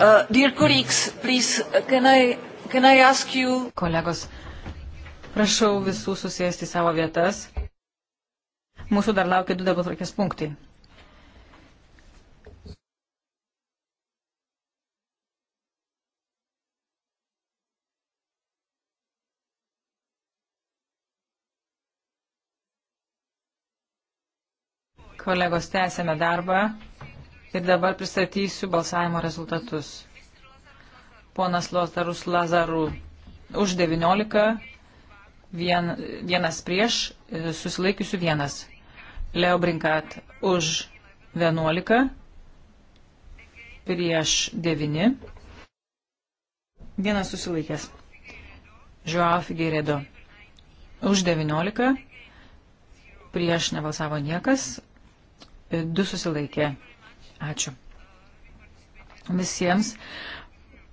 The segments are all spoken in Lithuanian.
Uh, dear colleagues, please, uh, can I, can I ask you... Kolegos, prašau visų susėsti savo vietas. Mūsų dar laukia du darbo tvarkės punktai. Kolegos, tęsėme darbą. Ir dabar pristatysiu balsavimo rezultatus. Ponas Lozarus Lazaru už 19, vien, vienas prieš, e, susilaikiusių vienas. Leo Brinkat už 11, prieš 9, vienas susilaikęs. Joao Figueiredo už 19, prieš nebalsavo niekas, 2 e, susilaikė. Ačiū visiems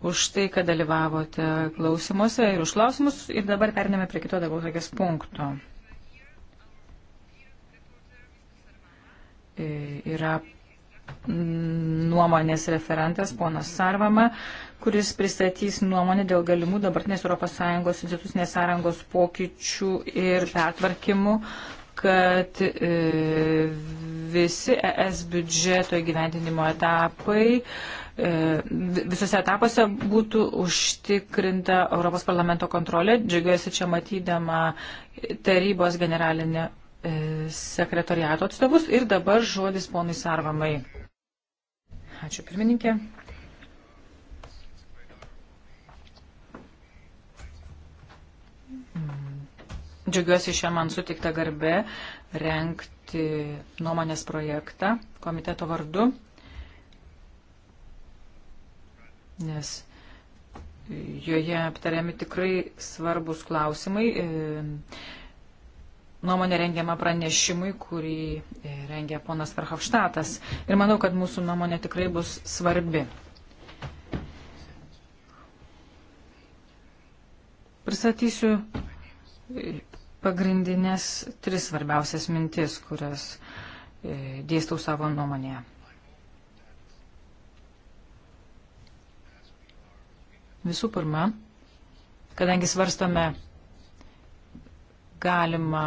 už tai, kad dalyvavote klausimuose ir už klausimus. Ir dabar perinėme prie kito darbo tokias punkto. E, yra nuomonės referentas ponas Sarvama, kuris pristatys nuomonę dėl galimų dabartinės ES institucinės sąrangos pokyčių ir pertvarkimų kad e, visi ES biudžeto įgyvendinimo etapai, e, visose etapuose būtų užtikrinta Europos parlamento kontrolė. Džiaugiuosi čia matydama tarybos generalinę e, sekretoriato atstovus ir dabar žodis ponui Sarvamai. Ačiū pirmininkė. Džiaugiuosi šią man sutiktą garbę renkti nuomonės projektą komiteto vardu, nes joje aptariami tikrai svarbus klausimai. E, nuomonė rengiama pranešimui, kurį e, rengia ponas Verhofštatas. Ir manau, kad mūsų nuomonė tikrai bus svarbi. Pristatysiu pagrindinės tris svarbiausias mintis, kurias e, dėstau savo nuomonėje. Visų pirma, kadangi svarstome galima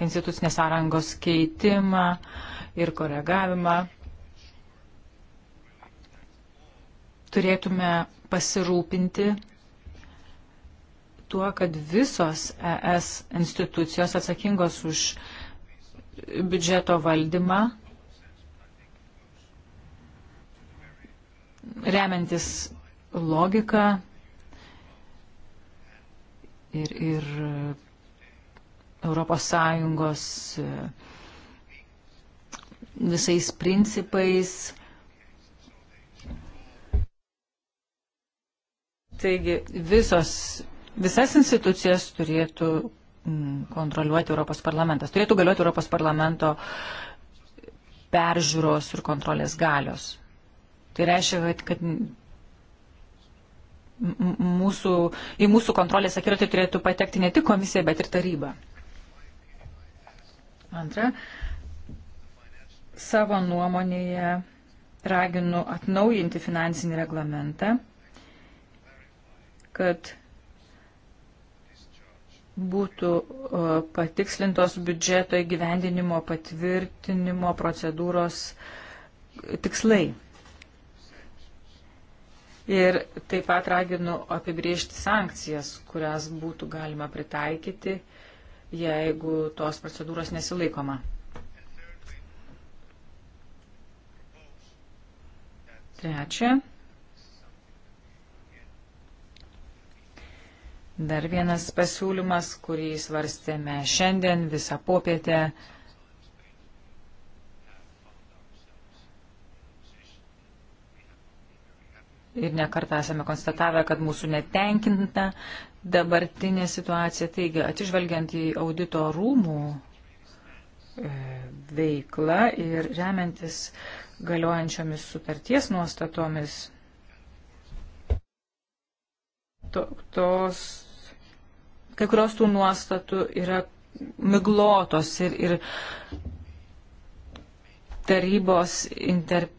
institucinės sąrangos keitimą ir koregavimą, turėtume pasirūpinti, tuo, kad visos ES institucijos atsakingos už biudžeto valdymą, remiantis logiką ir, ir Europos Sąjungos e, visais principais. Taigi visos visas institucijas turėtų mm, kontroliuoti Europos parlamentas, turėtų galioti Europos parlamento peržiūros ir kontrolės galios. Tai reiškia, kad mūsų, į mūsų kontrolės akiratį turėtų patekti ne tik komisija, bet ir taryba. Antra, savo nuomonėje raginu atnaujinti finansinį reglamentą, kad būtų e, patikslintos biudžeto įgyvendinimo patvirtinimo procedūros tikslai. Ir taip pat raginu apibriežti sankcijas, kurias būtų galima pritaikyti, jeigu tos procedūros nesilaikoma. Trečia. Dar vienas pasiūlymas, kurį svarstėme šiandien visą popietę. Ir nekartą esame konstatavę, kad mūsų netenkinta dabartinė situacija. Taigi, atižvelgiant į audito rūmų e, veikla ir remiantis galiojančiomis sutarties nuostatomis, to, tos Kai kurios tų nuostatų yra miglotos ir, ir tarybos, inter,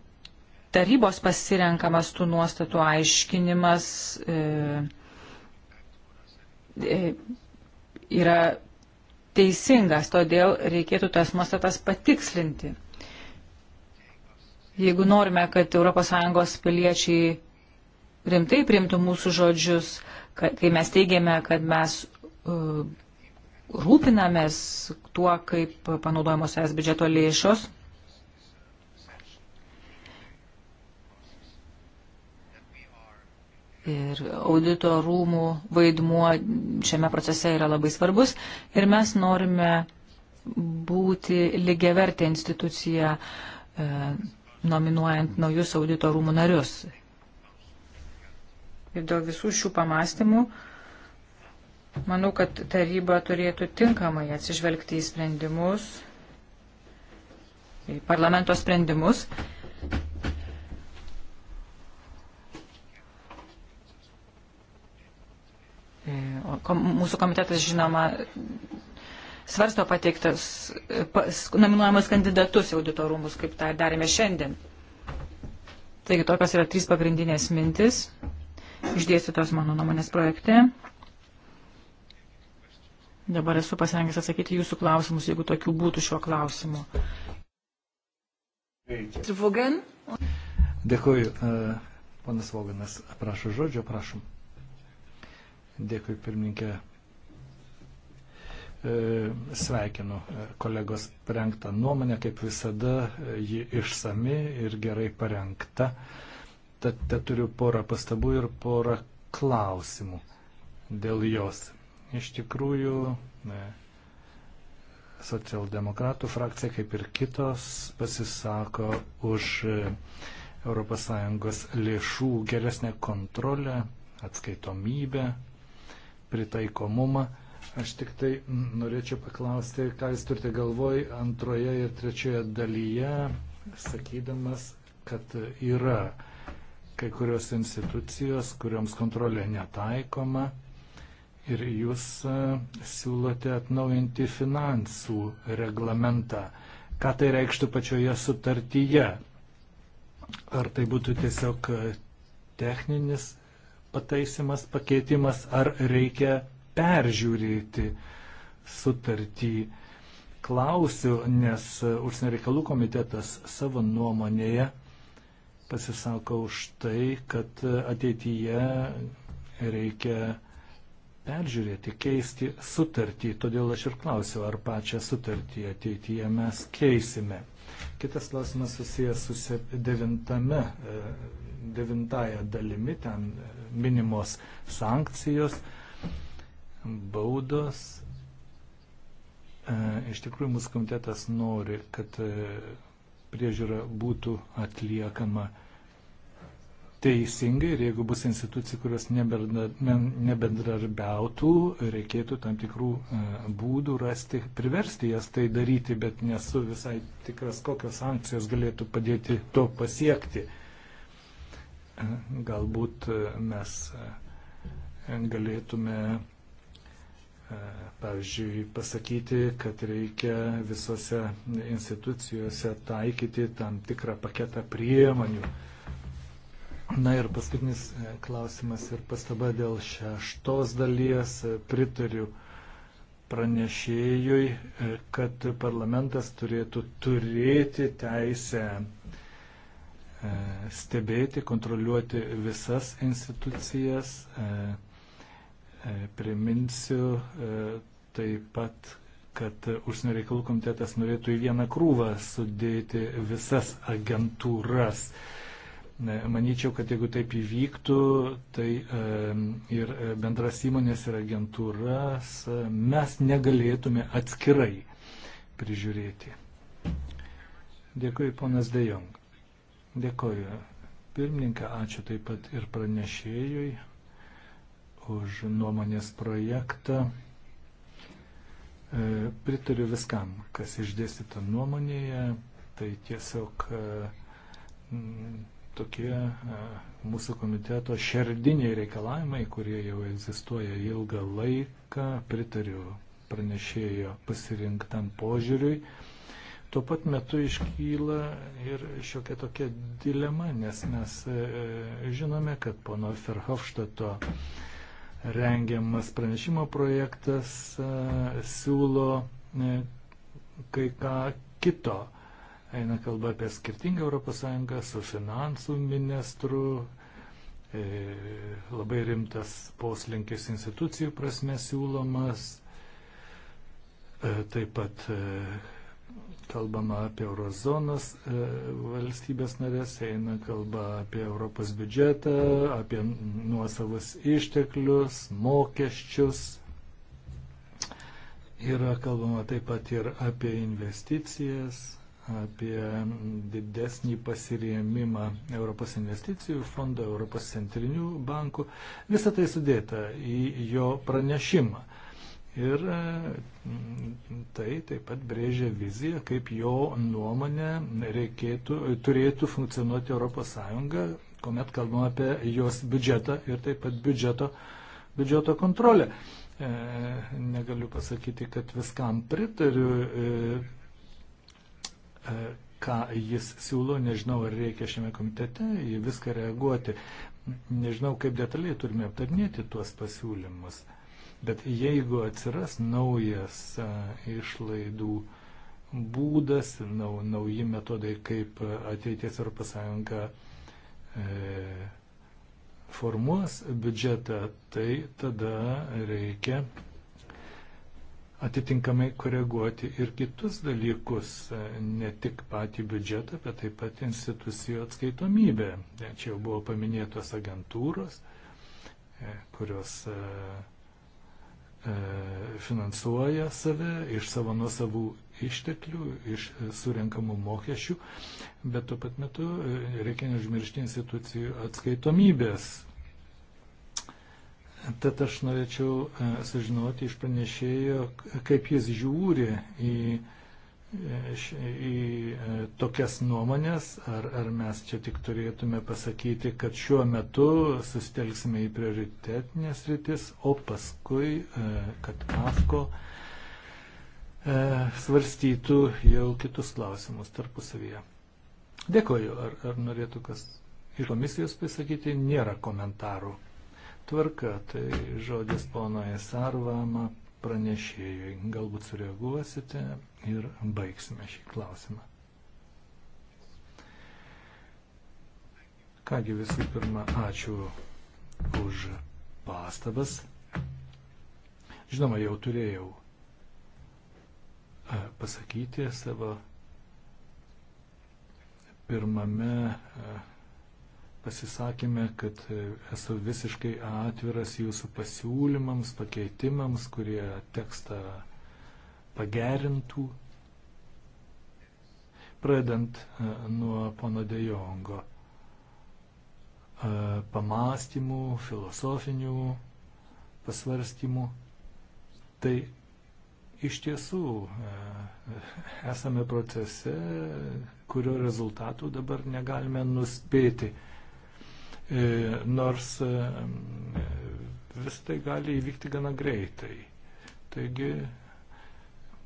tarybos pasirenkamas tų nuostatų aiškinimas e, e, yra teisingas, todėl reikėtų tas nuostatas patikslinti. Jeigu norime, kad ES piliečiai rimtai primtų mūsų žodžius, kad, kai mes teigiame, kad mes E, rūpinamės tuo, kaip panaudojamos es biudžeto lėšos. Ir audito rūmų vaidmuo šiame procese yra labai svarbus. Ir mes norime būti lygiavertė institucija, e, nominuojant naujus audito rūmų narius. Ir dėl visų šių pamastymų uh, Manau, kad taryba turėtų tinkamai atsižvelgti į sprendimus, į parlamento sprendimus. E, o mūsų komitetas, žinoma, svarsto pateiktas pas, nominuojamas kandidatus į auditorumus, kaip tą darėme šiandien. Taigi tokios yra trys pagrindinės mintis, išdėstytos mano nuomonės projekte. Dabar esu pasirengęs atsakyti jūsų klausimus, jeigu tokių būtų šiuo klausimu. Dėkuoju. E, Panas Voganas prašo žodžio, prašom. Dėkui, pirmininkė. E, sveikinu e, kolegos parengtą nuomonę, kaip visada, ji išsami ir gerai parengta. Tad te turiu porą pastabų ir porą klausimų dėl jos. Iš tikrųjų, socialdemokratų frakcija, kaip ir kitos, pasisako už ES lėšų geresnę kontrolę, atskaitomybę, pritaikomumą. Aš tik tai norėčiau paklausti, ką jūs turite galvoj antroje ir trečioje dalyje, sakydamas, kad yra kai kurios institucijos, kuriuoms kontrolė netaikoma ir jūs e, siūlote atnaujinti finansų reglamentą. Ką tai reikštų pačioje sutartyje? Ar tai būtų tiesiog e, techninis pataisimas, pakeitimas, ar reikia peržiūrėti sutartį? Klausiu, nes e, užsienio reikalų komitetas savo nuomonėje pasisako už tai, kad ateityje reikia peržiūrėti, keisti sutartį. Todėl aš ir klausiu, ar pačią sutartį ateityje mes keisime. Kitas klausimas susijęs su devintame, e, devintaja dalimi, ten e, minimos sankcijos, baudos. E, iš tikrųjų, mūsų komitetas nori, kad priežiūra būtų atliekama uh, teisingai ir jeigu bus institucijų, kurios nebendradarbiautų, reikėtų tam tikrų e, būdų rasti, priversti jas tai daryti, bet nesu visai tikras, kokios sankcijos galėtų padėti to pasiekti. E, galbūt e, mes galėtume pavyzdžiui, pasakyti, kad reikia visose institucijose taikyti tam tikrą paketą priemonių, Na ir paskutinis e, klausimas ir pastaba dėl šeštos dalies. E, pritariu pranešėjui, e, kad parlamentas turėtų turėti teisę stebėti, kontroliuoti visas institucijas. Priminsiu taip pat, kad užsienio reikalų komitetas norėtų į vieną krūvą sudėti visas agentūras. Manyčiau, kad jeigu taip įvyktų, tai ir e, bendras įmonės ir agentūras e, mes negalėtume atskirai prižiūrėti. Dėkui, ponas Dejong. Dėkoju pirmininką, ačiū taip pat ir pranešėjui už nuomonės projektą. E, pritariu viskam, kas išdėstyta nuomonėje, tai tiesiog tokie mūsų komiteto šerdiniai reikalavimai, kurie jau egzistuoja ilgą laiką, pritariu pranešėjo pasirinktam požiūriui. Tuo pat metu iškyla ir šiokia tokia dilema, nes mes e, žinome, kad pono Ferhofštato rengiamas pranešimo projektas siūlo e, kai ką kito Eina kalba apie skirtingą ES su finansų ministru. E, labai rimtas poslinkis institucijų prasme siūlomas. E, taip pat e, kalbama apie eurozonos e, valstybės narės, eina kalba apie Europos biudžetą, apie nuosavus išteklius, mokesčius. Yra kalbama taip pat ir apie investicijas apie didesnį pasirėmimą Europos investicijų fondo, Europos centrinių bankų. Visą tai sudėta į jo pranešimą. Ir mm, tai taip pat brėžia viziją, kaip jo nuomonė reikėtų, turėtų funkcionuoti ES, kuomet kalbame apie jos biudžetą ir taip pat biudžeto, biudžeto kontrolę. E, negaliu pasakyti, kad viskam pritariu e, E, ką jis siūlo, nežinau, ar reikia šiame komitete į viską reaguoti, nežinau, kaip detaliai turime aptarnėti tuos pasiūlymus, bet jeigu atsiras naujas e, išlaidų būdas, nau, nauji metodai, kaip ateities Europos Sąjunga e, formuos biudžetą, tai tada reikia atitinkamai koreguoti ir kitus dalykus, ne tik patį biudžetą, bet taip pat institucijų atskaitomybę. Čia jau buvo paminėtos agentūros, e, kurios e, e, finansuoja save iš savo nuosavų išteklių, iš surinkamų mokesčių, bet tuo pat metu reikia neužmiršti institucijų atskaitomybės Tad aš norėčiau e, sužinoti iš pranešėjo, kaip jis žiūri į, e, į e, tokias nuomonės, ar, ar mes čia tik turėtume pasakyti, kad šiuo metu susitelksime į prioritetinės rytis, o paskui, kad AFKO svarstytų jau kitus klausimus tarpusavyje. Dėkoju, ar, ar norėtų kas iš komisijos pasakyti, nėra komentarų tvarka. Tai žodis ponoje Sarvama pranešėjui. Galbūt sureaguosite ir baigsime šį klausimą. Kągi visų pirma, ačiū už pastabas. Žinoma, jau turėjau e, pasakyti savo pirmame e, pasisakėme, kad e, esu visiškai atviras jūsų pasiūlymams, pakeitimams, kurie tekstą pagerintų. Pradant e, nuo pono Dejongo e, pamastymų, filosofinių pasvarstymų, tai iš tiesų esame procese, kurio rezultatų dabar negalime nuspėti. E, nors e, vis tai gali įvykti gana greitai. Taigi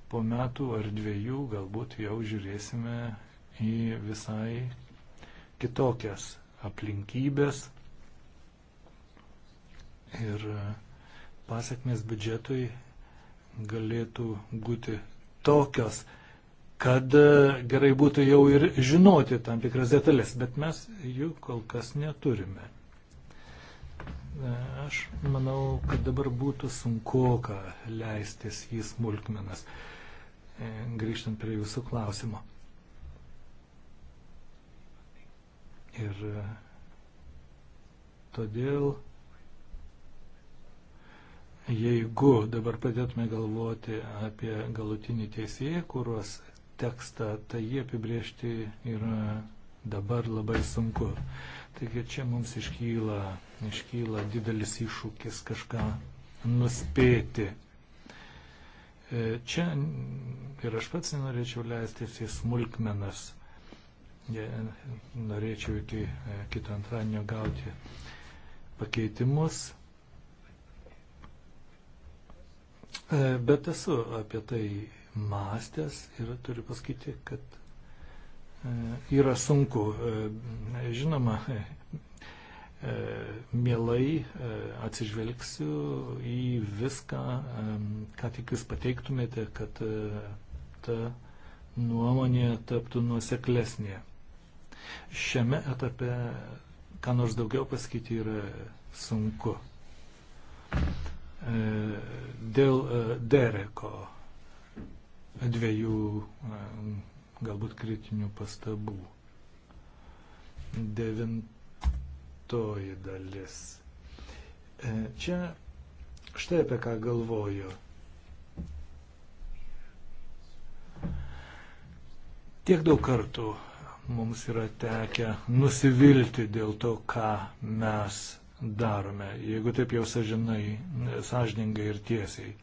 po metų ar dviejų galbūt jau žiūrėsime į visai kitokias aplinkybės ir pasiekmes biudžetui galėtų būti tokios, kad e, gerai būtų jau ir žinoti tam tikras detalės, bet mes jų kol kas neturime. E, aš manau, kad dabar būtų sunku ką leistis į smulkmenas, e, grįžtant prie jūsų klausimo. Ir todėl, jeigu dabar pradėtume galvoti apie galutinį teisėją, kuriuos tekstą, tai jie apibriežti yra dabar labai sunku. Taigi čia mums iškyla, iškyla didelis iššūkis kažką nuspėti. E, čia ir aš pats nenorėčiau leistis į smulkmenas. Norėčiau iki e, kito antradienio gauti pakeitimus. E, bet esu apie tai mąstęs ir turiu pasakyti, kad e, yra sunku. E, žinoma, e, mielai atsižvelgsiu į viską, ką tik jūs pateiktumėte, kad ta nuomonė taptų nuoseklesnė. Šiame etape, ką nors daugiau pasakyti, yra sunku. Dėl dereko dviejų e, galbūt kritinių pastabų. Devintoji dalis. E, čia štai apie ką galvoju. Tiek daug kartų mums yra tekę nusivilti dėl to, ką mes darome, jeigu taip jau sažinai, sąžiningai ir tiesiai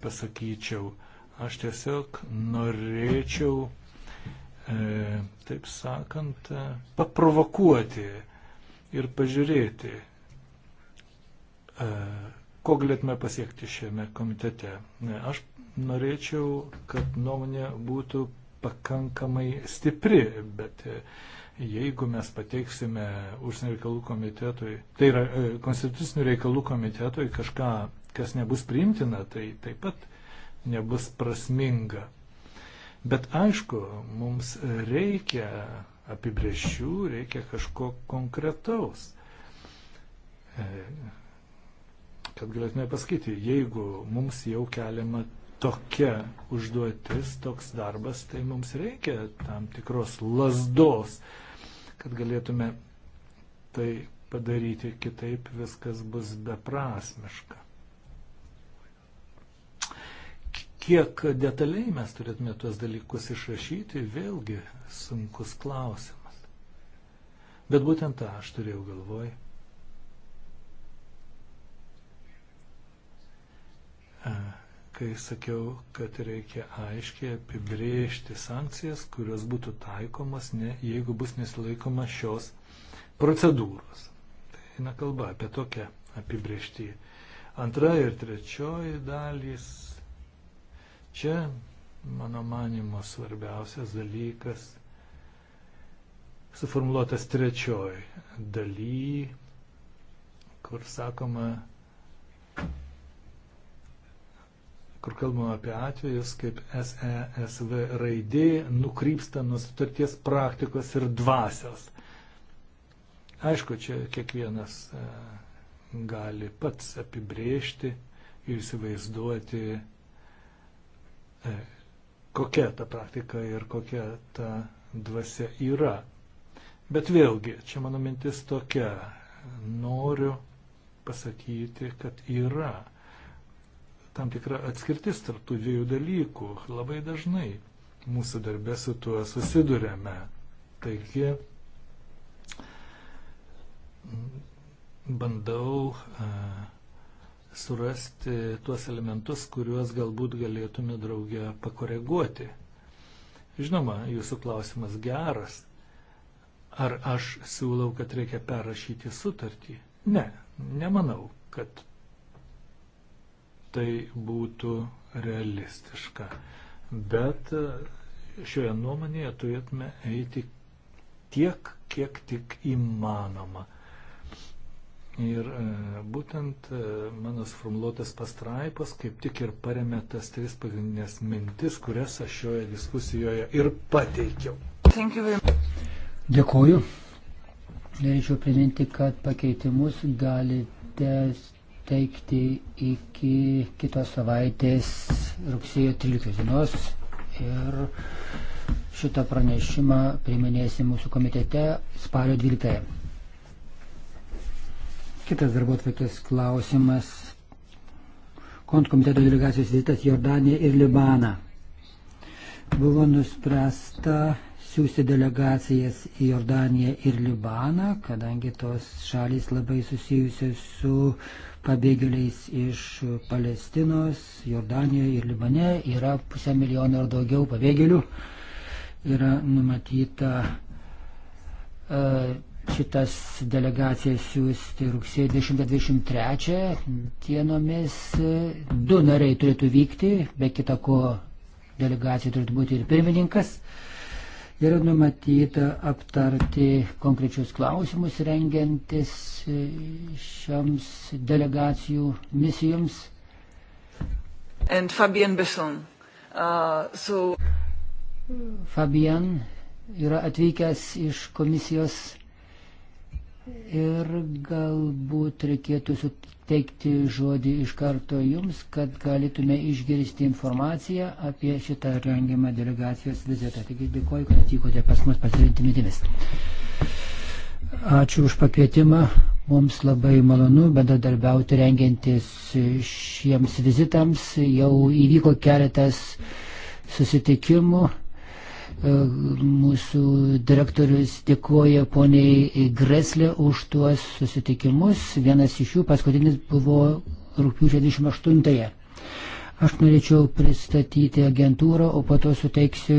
pasakyčiau Aš tiesiog norėčiau, e, taip sakant, e, paprovokuoti ir pažiūrėti, e, ko galėtume pasiekti šiame komitete. Aš norėčiau, kad nuomonė būtų pakankamai stipri, bet e, jeigu mes pateiksime užsienio reikalų komitetui, tai yra e, konstitucinių reikalų komitetui kažką, kas nebus priimtina, tai taip pat nebus prasminga. Bet aišku, mums reikia apibrėžčių, reikia kažko konkretaus. E, kad galėtume pasakyti, jeigu mums jau keliama tokia užduotis, toks darbas, tai mums reikia tam tikros lasdos, kad galėtume tai padaryti, kitaip viskas bus beprasmiška. Kiek detaliai mes turėtume tuos dalykus išrašyti, vėlgi sunkus klausimas. Bet būtent tą aš turėjau galvoj. Kai sakiau, kad reikia aiškiai apibrėžti sankcijas, kurios būtų taikomas, ne, jeigu bus nesilaikoma šios procedūros. Tai eina kalba apie tokią apibrėžtį. Antra ir trečioji dalys Čia, mano manimo, svarbiausias dalykas suformuoluotas trečioj daly, kur sakoma, kur kalbama apie atvejus, kaip SESV raidė nukrypsta nuo sutarties praktikos ir dvasios. Aišku, čia kiekvienas e, gali pats apibrėžti ir įsivaizduoti E, kokia ta praktika ir kokia ta dvasia yra. Bet vėlgi, čia mano mintis tokia, noriu pasakyti, kad yra tam tikra atskirtis tarptų dviejų dalykų. Labai dažnai mūsų darbė su tuo susidurėme. Taigi, bandau uh, surasti tuos elementus, kuriuos galbūt galėtume draugę pakoreguoti. Žinoma, jūsų klausimas geras. Ar aš siūlau, kad reikia perrašyti sutartį? Ne, nemanau, kad tai būtų realistiška. Bet šioje nuomonėje turėtume eiti tiek, kiek tik įmanoma. Ir e, būtent e, mano sformuluotas pastraipas kaip tik ir paremė tas tris pagrindinės mintis, kurias aš šioje diskusijoje ir pateikiau. Dėkuoju. Norėčiau priminti, kad pakeitimus galite teikti iki kitos savaitės rugsėjo 13 dienos. Ir šitą pranešimą priminėsim mūsų komitete spalio 12. -ąją. Kitas darbotvarkės klausimas. Kontkomiteto delegacijos vizitas Jordanija ir Libaną. Buvo nuspręsta siūsti delegacijas į Jordaniją ir Libaną, kadangi tos šalys labai susijusios su pabėgėliais iš Palestinos. Jordanijoje ir Libane yra pusę milijono ar daugiau pabėgėlių. Yra numatyta uh, šitas delegacijas siūsti rugsėjo 23 dienomis. Du nariai turėtų vykti, be kita ko delegacija turėtų būti ir pirmininkas. Yra numatyta aptarti konkrečius klausimus rengiantis šioms delegacijų misijoms. And Fabien Besson. Uh, so... Fabien yra atvykęs iš komisijos Ir galbūt reikėtų suteikti žodį iš karto jums, kad galėtume išgirsti informaciją apie šitą rengiamą delegacijos vizitą. Taigi dėkoju, kad atvykote pas mus pasidalinti mintimis. Ačiū už pakvietimą. Mums labai malonu bendradarbiauti rengiantis šiems vizitams. Jau įvyko keletas susitikimų E, mūsų direktorius dėkoja poniai Greslė už tuos susitikimus. Vienas iš jų paskutinis buvo rūpiučio 28-ąją. Aš norėčiau pristatyti agentūrą, o po to suteiksiu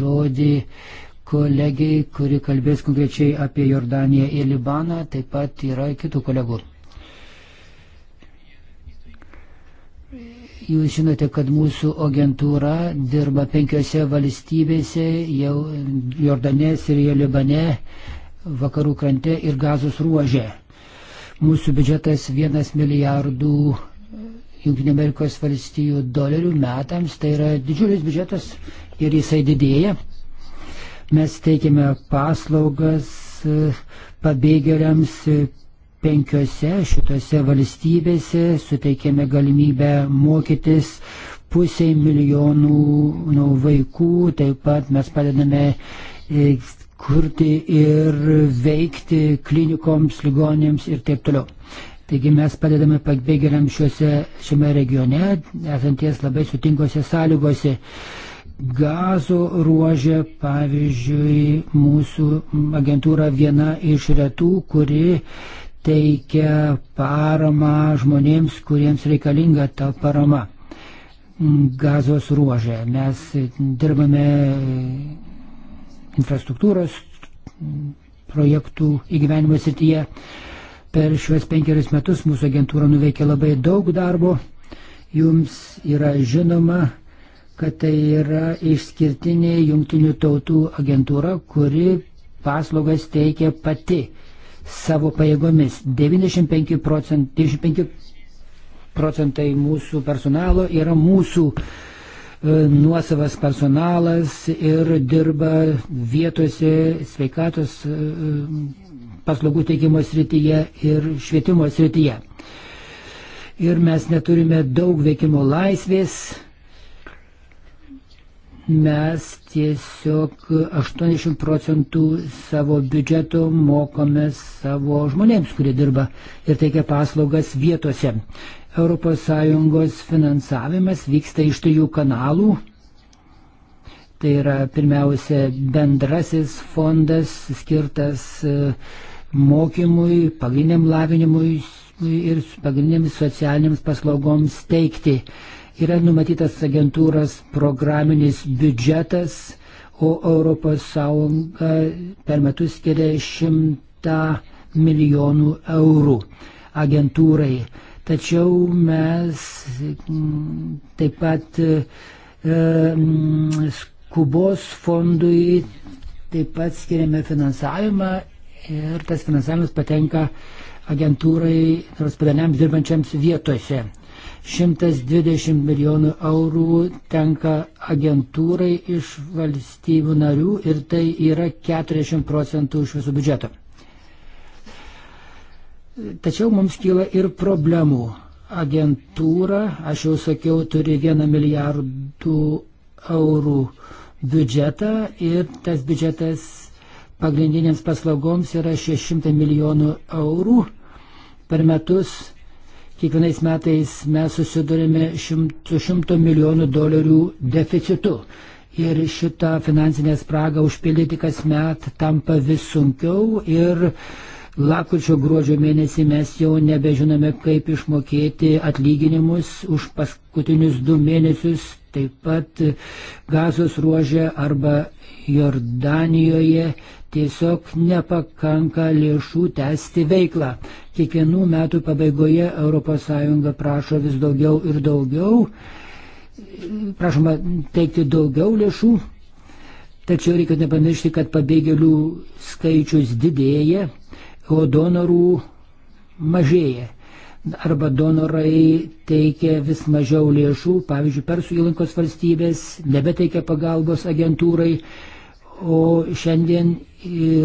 žodį kolegiai, kuri kalbės konkrečiai apie Jordaniją ir Libaną, taip pat yra kitų kolegų. Jūs žinote, kad mūsų agentūra dirba penkiose valstybėse, jau Jordane, Sirijoje, Libane, Vakarų krante ir Gazos ruožė. Mūsų biudžetas 1 milijardų JAV dolerių metams, tai yra didžiulis biudžetas ir jisai didėja. Mes teikiame paslaugas pabėgėliams, penkiose šitose valstybėse suteikėme galimybę mokytis pusiai milijonų nu, vaikų, taip pat mes padedame e, kurti ir veikti klinikoms, ligonėms ir taip toliau. Taigi mes padedame pabėgėliams šiame regione, esanties labai sutinkose sąlygose. Gazo ruožė, pavyzdžiui, mūsų agentūra viena iš retų, kuri teikia paramą žmonėms, kuriems reikalinga ta parama. Gazos ruožė. Mes dirbame infrastruktūros projektų įgyvenimo srityje. Per šiuos penkerius metus mūsų agentūra nuveikė labai daug darbo. Jums yra žinoma, kad tai yra išskirtinė jungtinių tautų agentūra, kuri paslaugas teikia pati savo pajėgomis. 95 procentai, 95 procentai mūsų personalo yra mūsų e, nuosavas personalas ir dirba vietose sveikatos e, paslaugų teikimo srityje ir švietimo srityje. Ir mes neturime daug veikimo laisvės, mes tiesiog 80 procentų savo biudžeto mokome savo žmonėms, kurie dirba ir teikia paslaugas vietose. ES finansavimas vyksta iš trijų kanalų. Tai yra pirmiausia bendrasis fondas skirtas e, mokymui, pagrindiniam lavinimui ir pagrindiniams socialiniams paslaugoms teikti. Yra numatytas agentūros programinis biudžetas, o ES per metus skiria 100 milijonų eurų agentūrai. Tačiau mes taip pat skubos e, fondui taip pat skiriame finansavimą ir tas finansavimas patenka agentūrai, nors padaliniams dirbančiams vietose. 120 milijonų eurų tenka agentūrai iš valstybių narių ir tai yra 40 procentų iš viso biudžeto. Tačiau mums kyla ir problemų. Agentūra, aš jau sakiau, turi 1 milijardų eurų biudžetą ir tas biudžetas pagrindinėms paslaugoms yra 600 milijonų eurų per metus Kiekvienais metais mes susidurime šimtų, šimto milijonų dolerių deficitu. Ir šitą finansinę spragą užpildyti kasmet tampa vis sunkiau ir Lakučio gruodžio mėnesį mes jau nebežinome, kaip išmokėti atlyginimus už paskutinius du mėnesius, taip pat gazos ruožė arba Jordanijoje tiesiog nepakanka lėšų tęsti veiklą. Kiekvienų metų pabaigoje ES prašo vis daugiau ir daugiau, prašoma teikti daugiau lėšų, tačiau reikia nepamiršti, kad pabėgėlių skaičius didėja, o donorų mažėja. Arba donorai teikia vis mažiau lėšų, pavyzdžiui, Persų įlankos valstybės nebeteikia pagalbos agentūrai, o šiandien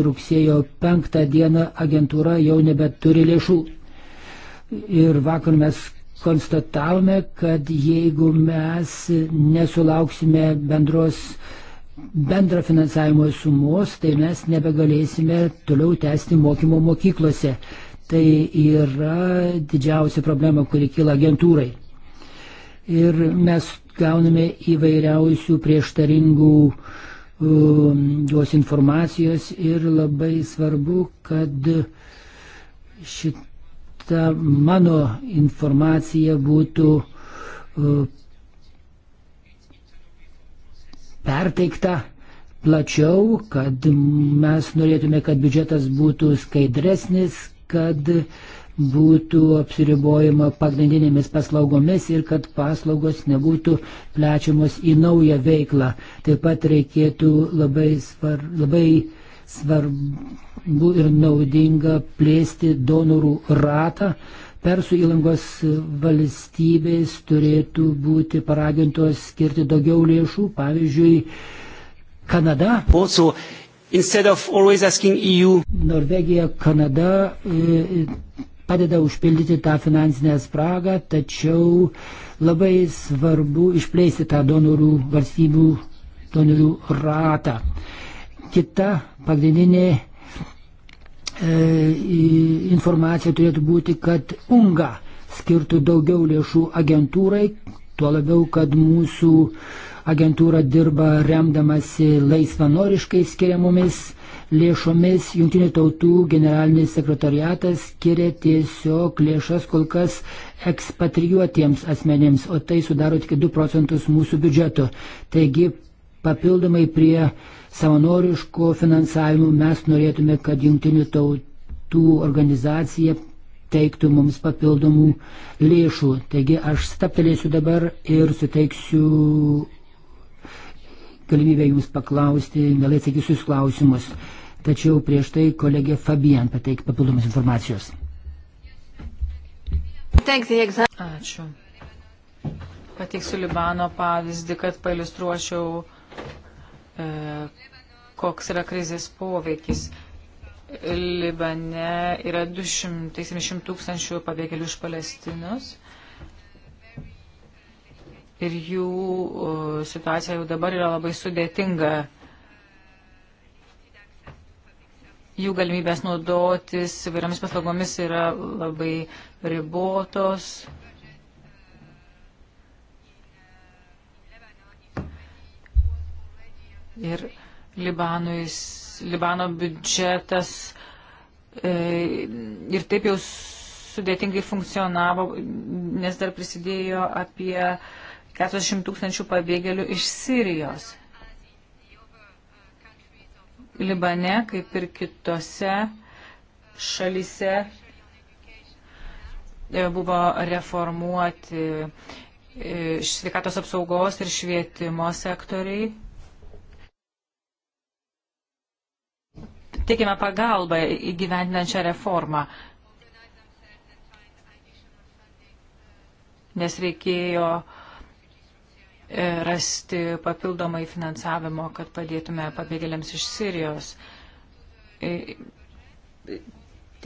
rugsėjo penktą dieną agentūra jau nebeturi lėšų. Ir vakar mes konstatavome, kad jeigu mes nesulauksime bendros bendra finansavimo sumos, tai mes nebegalėsime toliau tęsti mokymo mokyklose. Tai yra didžiausia problema, kuri kyla agentūrai. Ir mes gauname įvairiausių prieštaringų uh, jos um, informacijos ir labai svarbu, kad šita mano informacija būtų uh, perteikta plačiau, kad mes norėtume, kad biudžetas būtų skaidresnis, kad uh, būtų apsiribojama pagrindinėmis paslaugomis ir kad paslaugos nebūtų plečiamos į naują veiklą. Taip pat reikėtų labai, svar, labai svarbu ir naudinga plėsti donorų ratą. Persų įlangos valstybės turėtų būti paragintos skirti daugiau lėšų, pavyzdžiui, Kanada. Also, e Norvegija, Kanada e, padeda užpildyti tą finansinę spragą, tačiau labai svarbu išplėsti tą donorų valstybių, donorų ratą. Kita pagrindinė e, informacija turėtų būti, kad UNGA skirtų daugiau lėšų agentūrai, tuo labiau, kad mūsų agentūra dirba remdamasi laisvanoriškai skiriamomis lėšomis Junktinių tautų generalinis sekretariatas skiria tiesiog lėšas kol kas ekspatrijuotiems asmenėms, o tai sudaro tik 2 procentus mūsų biudžeto. Taigi papildomai prie savanoriško finansavimo mes norėtume, kad Junktinių tautų organizacija teiktų mums papildomų lėšų. Taigi aš staptelėsiu dabar ir suteiksiu galimybę jums paklausti, mielai atsakysiu jūs klausimus. Tačiau prieš tai kolegė Fabian pateik papildomas informacijos. Ačiū. Pateiksiu Libano pavyzdį, kad pailustruočiau, e, koks yra krizės poveikis. Libane yra 270 tūkstančių pabėgėlių iš Palestinos ir jų e, situacija jau dabar yra labai sudėtinga jų galimybės naudotis įvairiomis paslaugomis yra labai ribotos. Ir Libanui, Libano biudžetas e, ir taip jau sudėtingai funkcionavo, nes dar prisidėjo apie 40 tūkstančių pabėgėlių iš Sirijos. Libane, kaip ir kitose šalise, e, buvo reformuoti e, sveikatos apsaugos ir švietimo sektoriai. Tikime pagalbą įgyvendinančią reformą, nes reikėjo uh, E, rasti papildomai finansavimo, kad padėtume pabėgėliams iš Sirijos. E,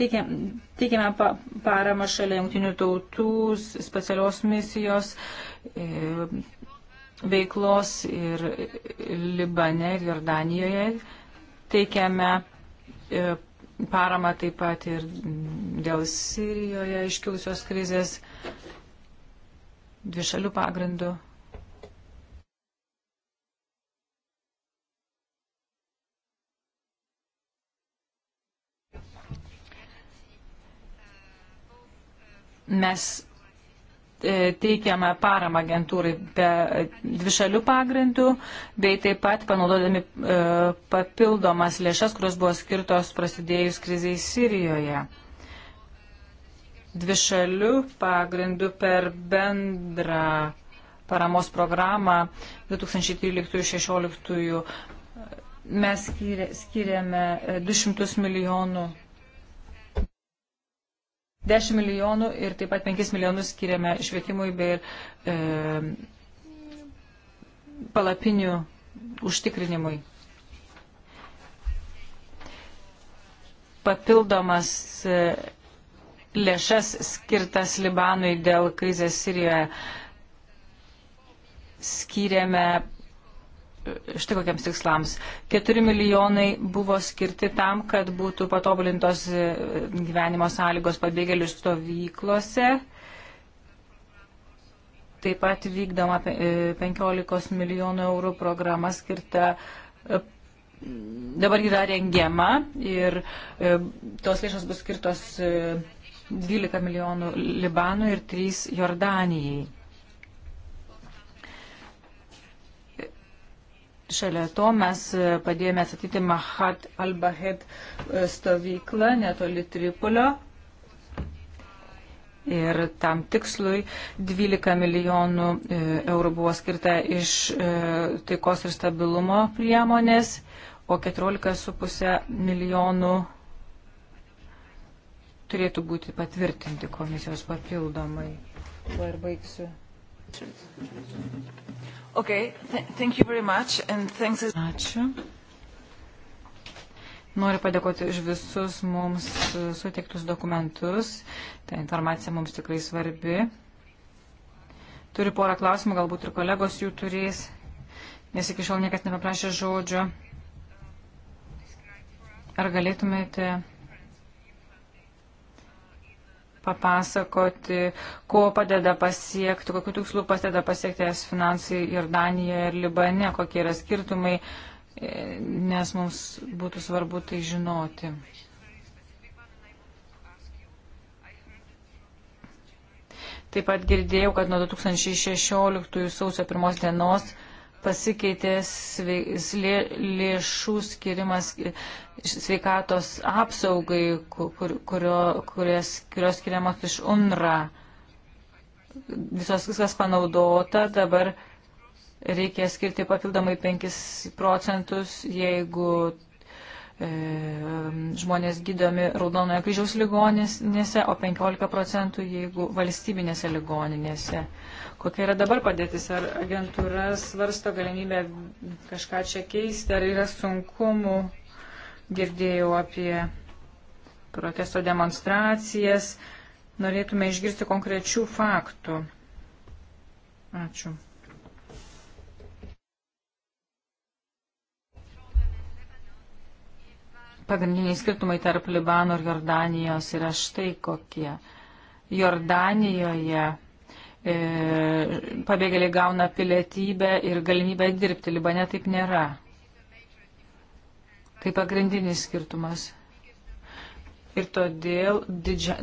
teikiame pa, paramą šalia jungtinių tautų specialios misijos e, veiklos ir Libane ir Jordanijoje. Teikiame paramą taip pat ir dėl Sirijoje iškilusios krizės dvišalių pagrindų Mes e, teikiame paramą agentūrai be e, dvišalių pagrindų, bei taip pat panaudodami e, papildomas lėšas, kurios buvo skirtos prasidėjus kriziai Sirijoje. Dvišalių pagrindų per bendrą paramos programą 2013-2016 mes skiriame 200 milijonų 10 milijonų ir taip pat 5 milijonus skiriame švietimui bei e, palapinių užtikrinimui. Papildomas e, lėšas skirtas Libanui dėl krizės Sirijoje skiriame štai kokiems tikslams. 4 milijonai buvo skirti tam, kad būtų patobulintos e, gyvenimo sąlygos pabėgėlių stovyklose. Taip pat vykdoma 15 e, milijonų eurų programa skirta e, dabar yra rengiama ir tos lėšos bus skirtos 12 milijonų Libanui ir 3 Jordanijai. Šalia to mes e, padėjome atstatyti Mahat al-Bahed e, stovyklą netoli Tripolio. Ir tam tikslui 12 milijonų e, eurų buvo skirta iš taikos ir stabilumo priemonės, o 14,5 milijonų turėtų būti patvirtinti komisijos papildomai. Tuo ir baigsiu. Okay, th thank you very much and thanks. Ačiū. Noriu padėkoti už visus mums e, suteiktus dokumentus. Ta informacija mums tikrai svarbi. Turiu porą klausimų, galbūt ir kolegos jų turės, nes iki šiol niekas nepaprašė žodžio. Ar galėtumėte papasakoti, ko padeda pasiekti, kokiu tikslu padeda pasiekti es finansai ir Danijoje, ir Libane, kokie yra skirtumai, e, nes mums būtų svarbu tai žinoti. Taip pat girdėjau, kad nuo 2016 sausio pirmos dienos pasikeitė svei, lėšų skirimas e, sveikatos apsaugai, kur, kurio, kurios, kurios skiriamos iš UNRA. Visos viskas panaudota, dabar reikia skirti papildomai 5 procentus, jeigu E, um, žmonės gydomi Raudonojo kryžiaus ligoninėse, o 15 procentų jeigu valstybinėse ligoninėse. Kokia yra dabar padėtis? Ar agentūra svarsto galimybę kažką čia keisti, ar yra sunkumų? Girdėjau apie protesto demonstracijas. Norėtume išgirsti konkrečių faktų. Ačiū. pagrindiniai skirtumai tarp Libano ir Jordanijos yra štai kokie. Jordanijoje e, pabėgėliai gauna pilietybę ir galimybę dirbti. Libane taip nėra. Tai pagrindinis skirtumas. Ir todėl didžia,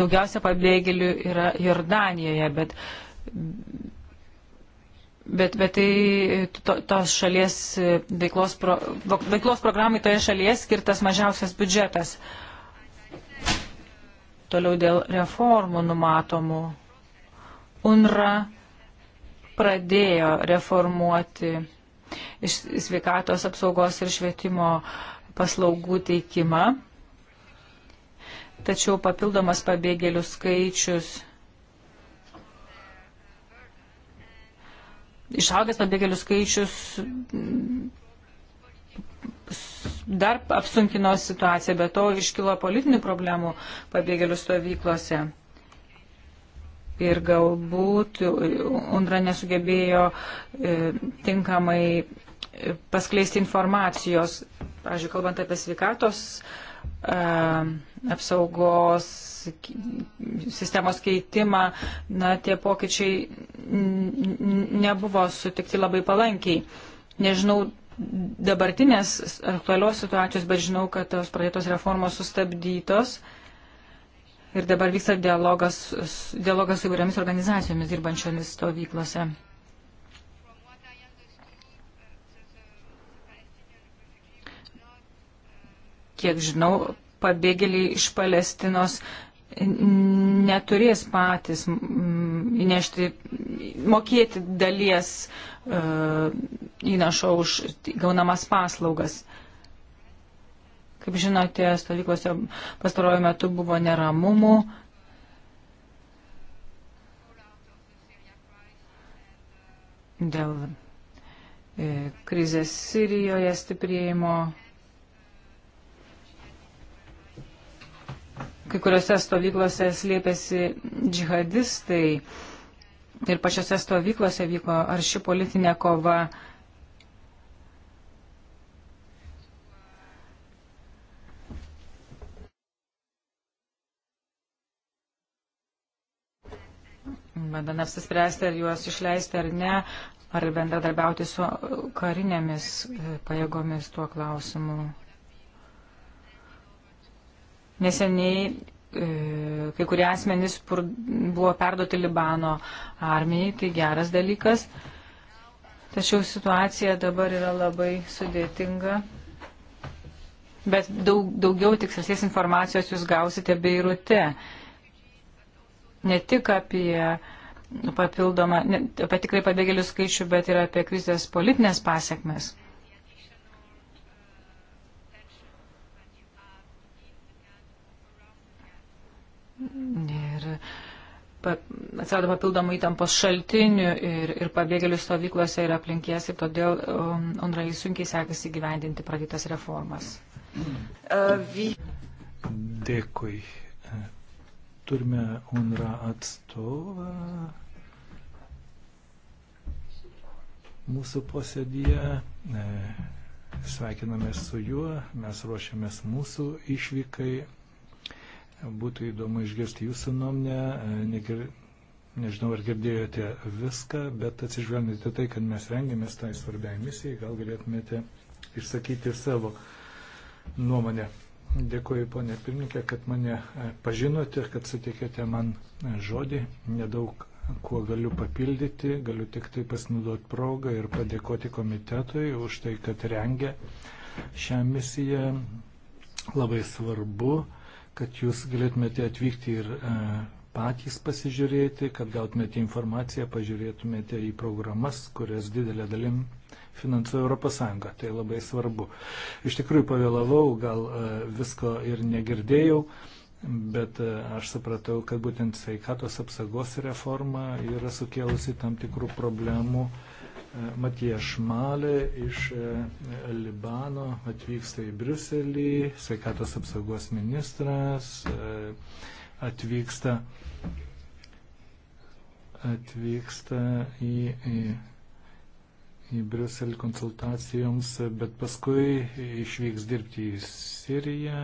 daugiausia pabėgėlių yra Jordanijoje, bet Bet, bet tai to, tos šalies e, veiklos, pro, veiklos programai toje šalyje skirtas mažiausias biudžetas. Toliau dėl reformų numatomų. UNRA pradėjo reformuoti iš sveikatos apsaugos ir švietimo paslaugų teikimą. Tačiau papildomas pabėgėlių skaičius išaugęs pabėgėlių skaičius dar apsunkino situaciją, bet to iškilo politinių problemų pabėgėlių stovyklose. Ir galbūt UNRA nesugebėjo e, tinkamai e, paskleisti informacijos, pažiūrėjau, kalbant apie sveikatos Um, apsaugos sistemos keitimą, na, tie pokyčiai nebuvo sutikti labai palankiai. Nežinau dabartinės aktualios situacijos, bet žinau, kad tos pradėtos reformos sustabdytos ir dabar vyksta dialogas, dialogas su įvairiomis organizacijomis dirbančiomis stovyklose. kiek žinau, pabėgėliai iš Palestinos neturės patys mm, nešti, mokėti dalies e, įnašo už gaunamas paslaugas. Kaip žinote, stovyklose pastarojų metų buvo neramumų. Dėl e, krizės Sirijoje stiprėjimo kai kuriuose stovyklose slėpėsi džihadistai ir pačiose stovyklose vyko arši politinė kova. bandant apsispręsti, ar juos išleisti ar ne, ar bendradarbiauti su karinėmis e, pajėgomis tuo klausimu. Neseniai e, kai kurie asmenys buvo perduoti Libano armijai, tai geras dalykas. Tačiau situacija dabar yra labai sudėtinga. Bet daug, daugiau tikslesnės informacijos jūs gausite Beirute. Ne tik apie papildomą, ne, apie tikrai pabėgėlių skaičių, bet ir apie krizės politinės pasiekmes. atsirado papildomų įtampos šaltinių ir, ir pabėgėlių stovyklose ir aplinkies ir todėl um, UNRWA sunkiai sekasi gyvendinti pradėtas reformas. Dėkui. Turime UNRWA atstovą mūsų posėdyje. E, Sveikiname su juo, mes ruošiamės mūsų išvykai Būtų įdomu išgirsti jūsų nuomonę. E, nežinau, ar girdėjote viską, bet atsižvelgite tai, kad mes rengiamės tai svarbiai misijai. Gal galėtumėte išsakyti savo nuomonę. Dėkuoju, ponė pirmininkė, kad mane e, pažinote, kad sutikėte man e, žodį. Nedaug kuo galiu papildyti, galiu tik tai pasinaudoti progą ir padėkoti komitetui už tai, kad rengia šią misiją. Labai svarbu kad jūs galėtumėte atvykti ir e, patys pasižiūrėti, kad gautumėte informaciją, pažiūrėtumėte į programas, kurias didelė dalim finansuoja ES. Tai labai svarbu. Iš tikrųjų pavėlavau, gal e, visko ir negirdėjau, bet e, aš supratau, kad būtent sveikatos apsaugos reforma yra sukėlusi tam tikrų problemų. Uh, Matija Šmalė iš e, Libano atvyksta į Briuselį, sveikatos apsaugos ministras e, atvyksta, atvyksta į, į, į Briuselį konsultacijoms, bet paskui išvyks dirbti į Siriją.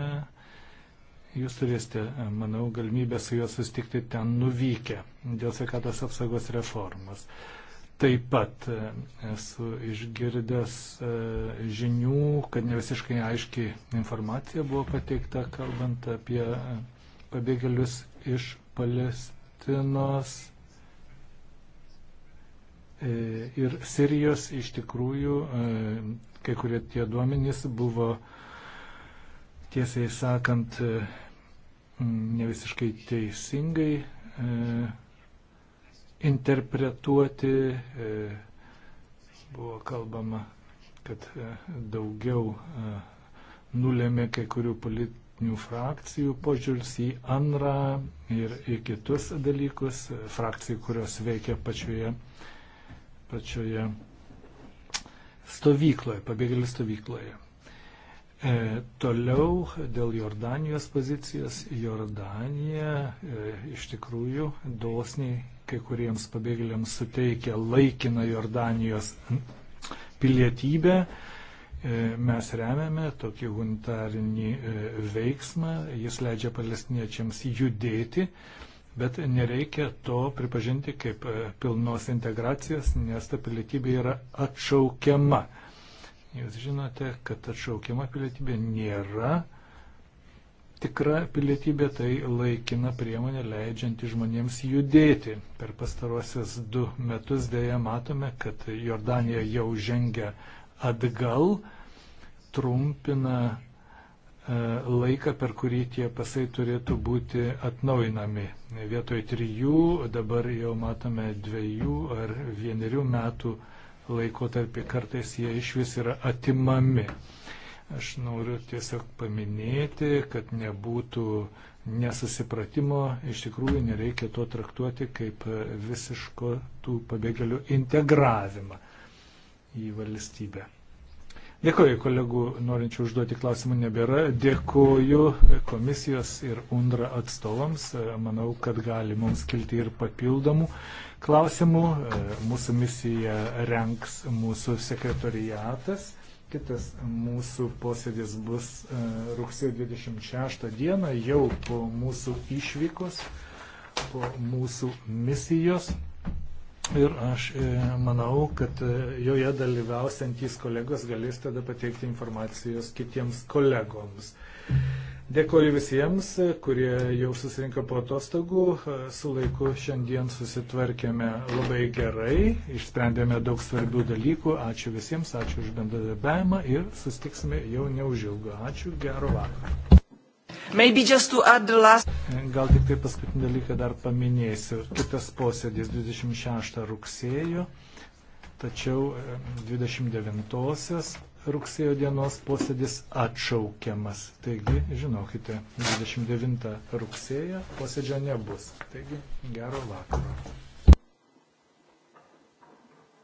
Jūs turėsite, e, manau, galimybę su juo sustikti ten nuvykę dėl sveikatos apsaugos reformos. Uh, Taip pat e, esu išgirdęs e, žinių, kad ne visiškai aiški informacija buvo pateikta, kalbant apie e, pabėgėlius iš Palestinos ir Sirijos. Iš tikrųjų, kai kurie tie duomenys buvo tiesiai sakant ne visiškai teisingai interpretuoti. E, buvo kalbama, kad e, daugiau e, nulėmė kai kurių politinių frakcijų požiūris į antrą ir į kitus dalykus, frakcijų, kurios veikia pačioje, pačioje stovykloje, pabėgėlių stovykloje. E, toliau dėl Jordanijos pozicijos. Jordanija e, iš tikrųjų dosniai kai kuriems pabėgėliams suteikia laikiną Jordanijos pilietybę. E, mes remiame tokį humanitarinį e, veiksmą, jis leidžia palestiniečiams judėti, bet nereikia to pripažinti kaip e, pilnos integracijos, nes ta pilietybė yra atšaukiama. Jūs žinote, kad atšaukiama pilietybė nėra tikra pilietybė tai laikina priemonė leidžianti žmonėms judėti. Per pastarosius du metus dėja matome, kad Jordanija jau žengia atgal, trumpina e, laiką, per kurį tie pasai turėtų būti atnaujinami. Vietoj trijų dabar jau matome dviejų ar vienerių metų laiko tarp, kartais jie iš vis yra atimami. Aš noriu tiesiog paminėti, kad nebūtų nesusipratimo, iš tikrųjų nereikia to traktuoti kaip visiško tų pabėgėlių integravimą į valstybę. Dėkoju kolegų, norinčių užduoti klausimų nebėra. Dėkoju komisijos ir UNDRA atstovams. Manau, kad gali mums kilti ir papildomų klausimų. Mūsų misiją renks mūsų sekretariatas. Kitas mūsų posėdis bus e, rugsėjo 26 dieną, jau po mūsų išvykos, po mūsų misijos. Ir aš e, manau, kad e, joje dalyvausiantys kolegos galės tada pateikti informacijos kitiems kolegoms. Dėkoju visiems, kurie jau susirinko po atostogų. Su laiku šiandien susitvarkėme labai gerai, išsprendėme daug svarbių dalykų. Ačiū visiems, ačiū už bendradarbiavimą ir sustiksime jau neužilgo. Ačiū, gero vakaro. Last... Gal tik tai paskutinį dalyką dar paminėsiu. Kitas posėdis 26 rugsėjo, tačiau 29. E, -osios rugsėjo dienos posėdis atšaukiamas. Taigi, žinokite, 29 rugsėjo posėdžio nebus. Taigi, gero vakaro.